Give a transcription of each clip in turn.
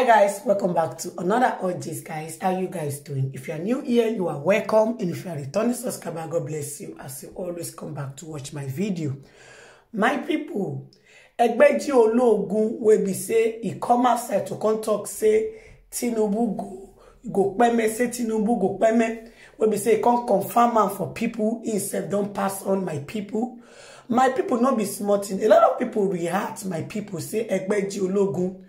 hi guys welcome back to another audience. guys how you guys doing if you are new here you are welcome and if you are returning subscriber god bless you as you always come back to watch my video my people Egbeji Ologun wey be say e come outside to come talk say Tinubu go go peme say Tinubu go peme wey be say e come confirm am for people himself don't pass on my people my people not be smarting. a lot of people react my people say Egbeji Ologun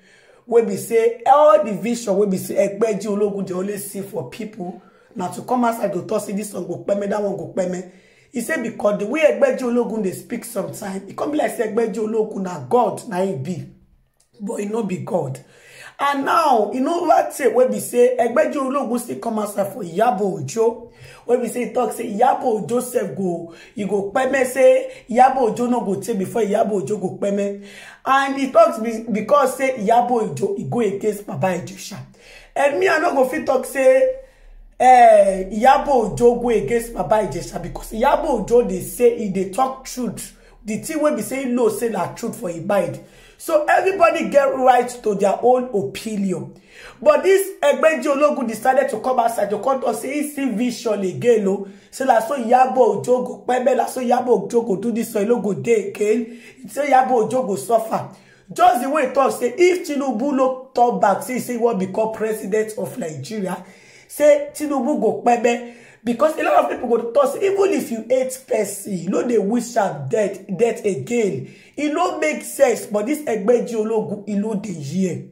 wey be say all the vision wey be say Egbeji Ologun dey always see for people na to come outside to talk say this one go peme that one go peme e say because the way Egbeji Ologun dey speak sometimes e come be like say Egbeji Ologun na God na he be but he no be God and now you know what? wey be say egbeji ologun still come outside for iyabo ojo wey be say e say Yabo ojo sef go e go peme say iyabo ojo no go take before iyabo ojo go peme and e talks because say iyabo ojo e go against baba ejesha and me i no go fit talk say eh iyabo ojo go against baba ejesha because iyabo ojo dey say he they talk truth the thing wey be say no say that truth for e So everybody get right to their own opinion. But this Egbeji Ologun decided to come outside to come to say he see vision again. No? Oh. So la so Yabo Ojo go pebe, la so Iyabo Ojo do this so Ilo day, dey again. So Yabo Ojo suffer. Just the way it talks. say if Tinubu no talk back, say he say become president of Nigeria, say tinubu go pebe because a lot of people go toss even if you hate person you no dey wish am death death again e no make sense but this egbeji ologun e no dey hear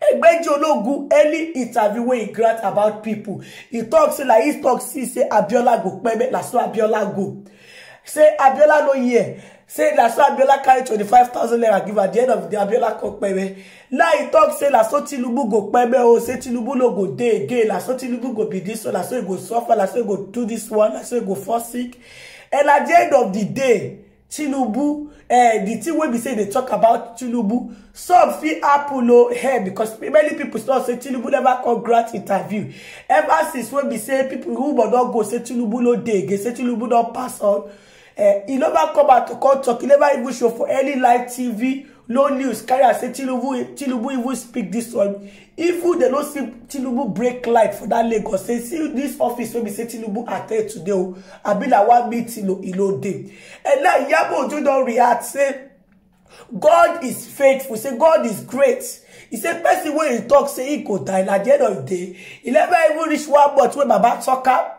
egbeji ologun any interview wey e grant about people. He tok say like he tok see say abiola go pebe na so abiola go say abiola no hear say na so abiola carry twenty-five thousand naira give at the end of the abiola call pẹrẹ now he talk say na so tinubu go pẹrẹ o say tinubu no go dey again na so tinubu go be this one na so e go suffer na so e go do this one na so e go fall sick and at the end of the day tinubu eh, the thing wey be say dey talk about tinubu some fit happen no eh, because many people talk say tinubu never come grant interview ever since wey be say people who don go say tinubu no dey again say tinubu don pass on Uh, e never come out to call talk. E never even show for any live TV. No news. Carry say Tinubu, Tinubu even speak this one. Even they no see Tinubu break light for that Lagos. Say see this office wey be say Tinubu attend today. Oh, I be like one meeting oh, no, no day. And now Iyabo Ojo don react say. God is faithful. Say God is great. He say person wey he talk say he go die. Na the end of the day, he never even reach one month wey Baba talk am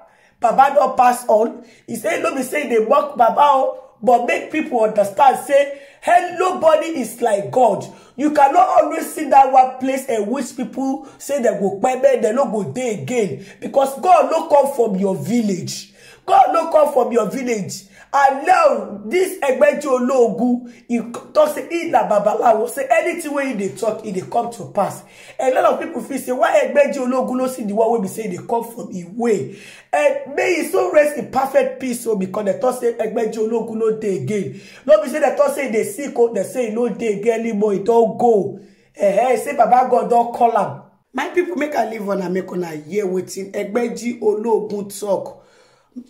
baba don pass on He say no be say they mock baba but make people understand say hey, nobody is like god you cannot always see that one place in which people say they go peme they no go dey again because god no come from your village god no come from your village allow dis egbeji oloogu e tok say e na babalawo say anything wey e dey tok e dey come to pass a lot of people feel say why egbeji oloogu no see the one wey be say e dey come from e way and may e so rest in perfect peace o oh, because dem tok say egbeji oloogu no dey again no be say dem tok say e dey sick o oh, dem say e no dey again anymore e don go eh, eh say baba god don call am my people make i leave una make una hear wetin egbeji oloogun talk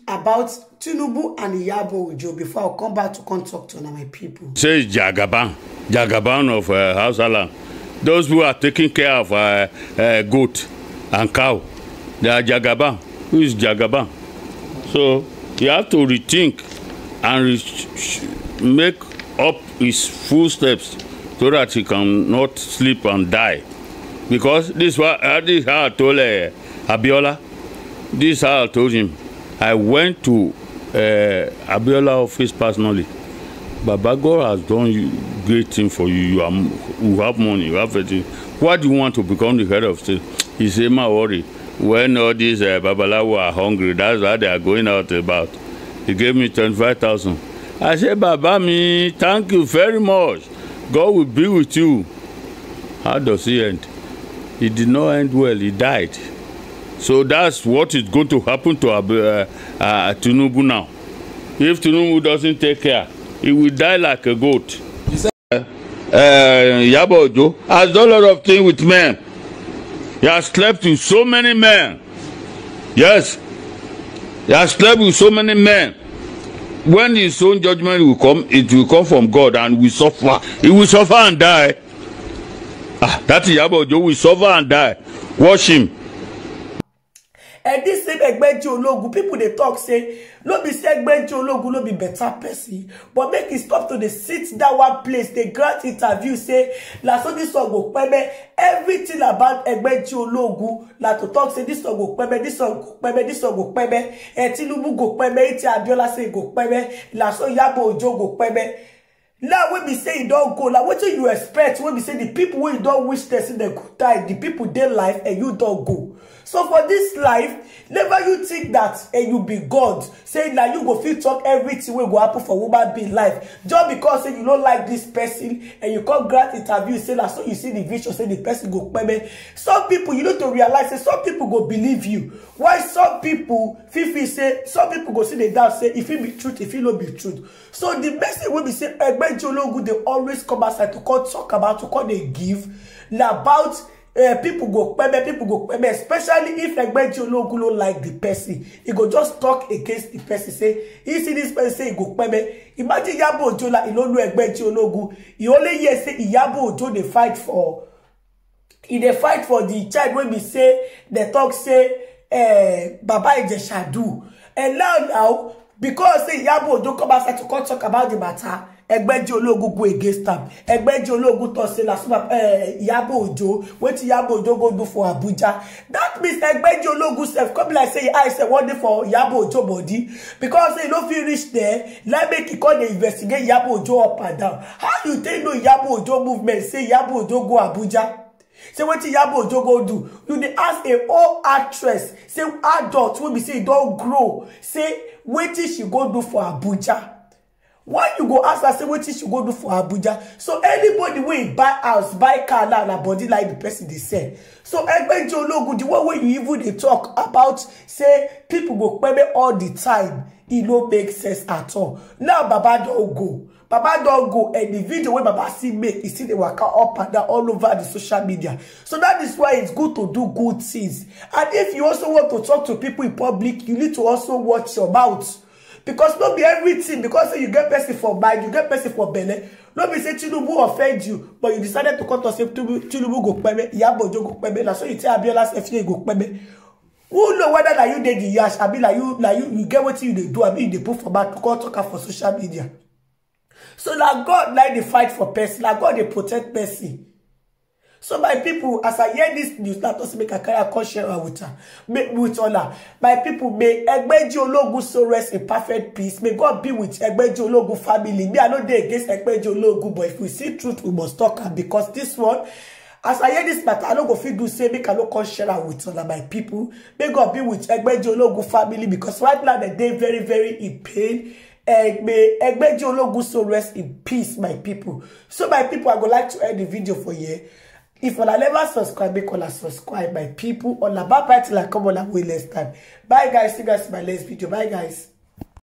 about Tinubu and Yabo Ojo before I come back to come talk to my people. Say Jagaban, Jagaban of uh, Hausala. Those who are taking care of uh, uh, goat and cow, they are Jagaban. Who is Jagaban? So you have to rethink and re make up his full steps so that he cannot sleep and die. Because this was uh, this how I told uh, Abiola. This how I told him. I went to uh, Abiola office personally. Baba God has done great thing for you. You, are, you have money, you have everything. What do you want to become the head of state? He said, my worry. When all these uh, Babalawo are hungry, that's what they are going out about. He gave me 25,000. I said, Baba me, thank you very much. God will be with you. How does he end? He did not end well. He died. So that's what is going to happen to uh, uh, Tinubu now. If Tinubu doesn't take care, he will die like a goat. Iyabo uh, uh Ojo has done a lot of things with men. He has slept with so many men. Yes, he has slept with so many men. When his own judgment will come, it will come from God and we suffer. He will suffer and die. Ah, that Iyabo Ojo will suffer and die. Watch him and dis same egbeji ologun people dey talk say no be say egbeji ologun no be better person." but make e stop to dey sit that one place dey grant interview say na so dis one go peme everything about egbeji ologun na to talk say dis one go peme dis one go peme dis one go peme tinubu go peme iti abiola say go peme na so yabo ojo go peme now wey be say e don go like wetin you expect wey be say the people wey don't don wish person dem go die the people dey life and you don't go so for this life never you think that and you be god say na you go feel talk everything will go happen for woman be life just because say you don't like this person and you come grant interview say that so you see the vision say the person go kpeme some people you need to realize say some people go believe you Why some people fit feel say some people go see the doubt say if it be truth if it not be truth so di message wey be say Peji Ologun dey always come outside to come talk about to come dey give na about uh, people go pebe people go pebe especially if Egbeji Ologun no like the person he go just talk against the person say he see this person say he go pebe imagine yabo Ojo like he no know Egbeji Ologun he only hear say Iyabo Ojo dey fight for he dey fight for the child wey be say dey talk say eh, Baba Ijesha do and now now because say Iyabo Ojo come outside to come talk about the matter ẹgbẹ́ jẹ́ ológun go against am ẹgbẹ́ jẹ́ ológun tó ṣe làṣùpà Ìyábọ̀ Òjó wetin Ìyábọ̀ Òjó go do for Abuja that means ẹgbẹ́ jẹ́ ológun sef come like say I say wan dey for Ìyábọ̀ Òjó body because say you e no fit reach there Let me you come dey investigate Ìyábọ̀ Òjó up and down how you take know Ìyábọ̀ Òjó movement say Ìyábọ̀ Òjó go Abuja. say wetin yabo ojo go do you dey ask a old actress say adult wey be say e don grow say wetin she go do for abuja Why you go ask her say wetin she go do for abuja so anybody wey buy house buy car now na body like the person dey sell so egbeji ologun the one wey you even dey talk about say people go peme all the time e no make sense at all now baba don go baba don go and the video wey baba see make e still dey waka up and down all over the social media so that is why it's good to do good things and if you also want to talk to people in public you need to also watch your mouth because no be everything because say you get person for mind you get person for belle no be say tinubu offend you but you decided to come to say tinubu go peme Iyabo go peme na so you tell Abiola FA go peme who know whether na you dey the yash abi na you na you you get wetin you dey do abi you dey put for back to come talk am for social media so na God like dey fight for person na God dey protect person so my people, as i hear this news that tok make a carry her come share her with her with her my people may egbeji ologun so rest in perfect peace may god be with egbeji ologun family me i no dey against egbeji ologun but if we see truth we must talk am because this one as i hear this, matter i no go fit do say make i no come share am with una my people. may god be with egbeji ologun family because right now they're dey very very in pain eh, may egbeji ologun so rest in peace my people. so my people, i go like to end the video for you if una never subscribe make una subscribe my people una bye bye till i come una way next time bye guys see you guys in my next video bye guys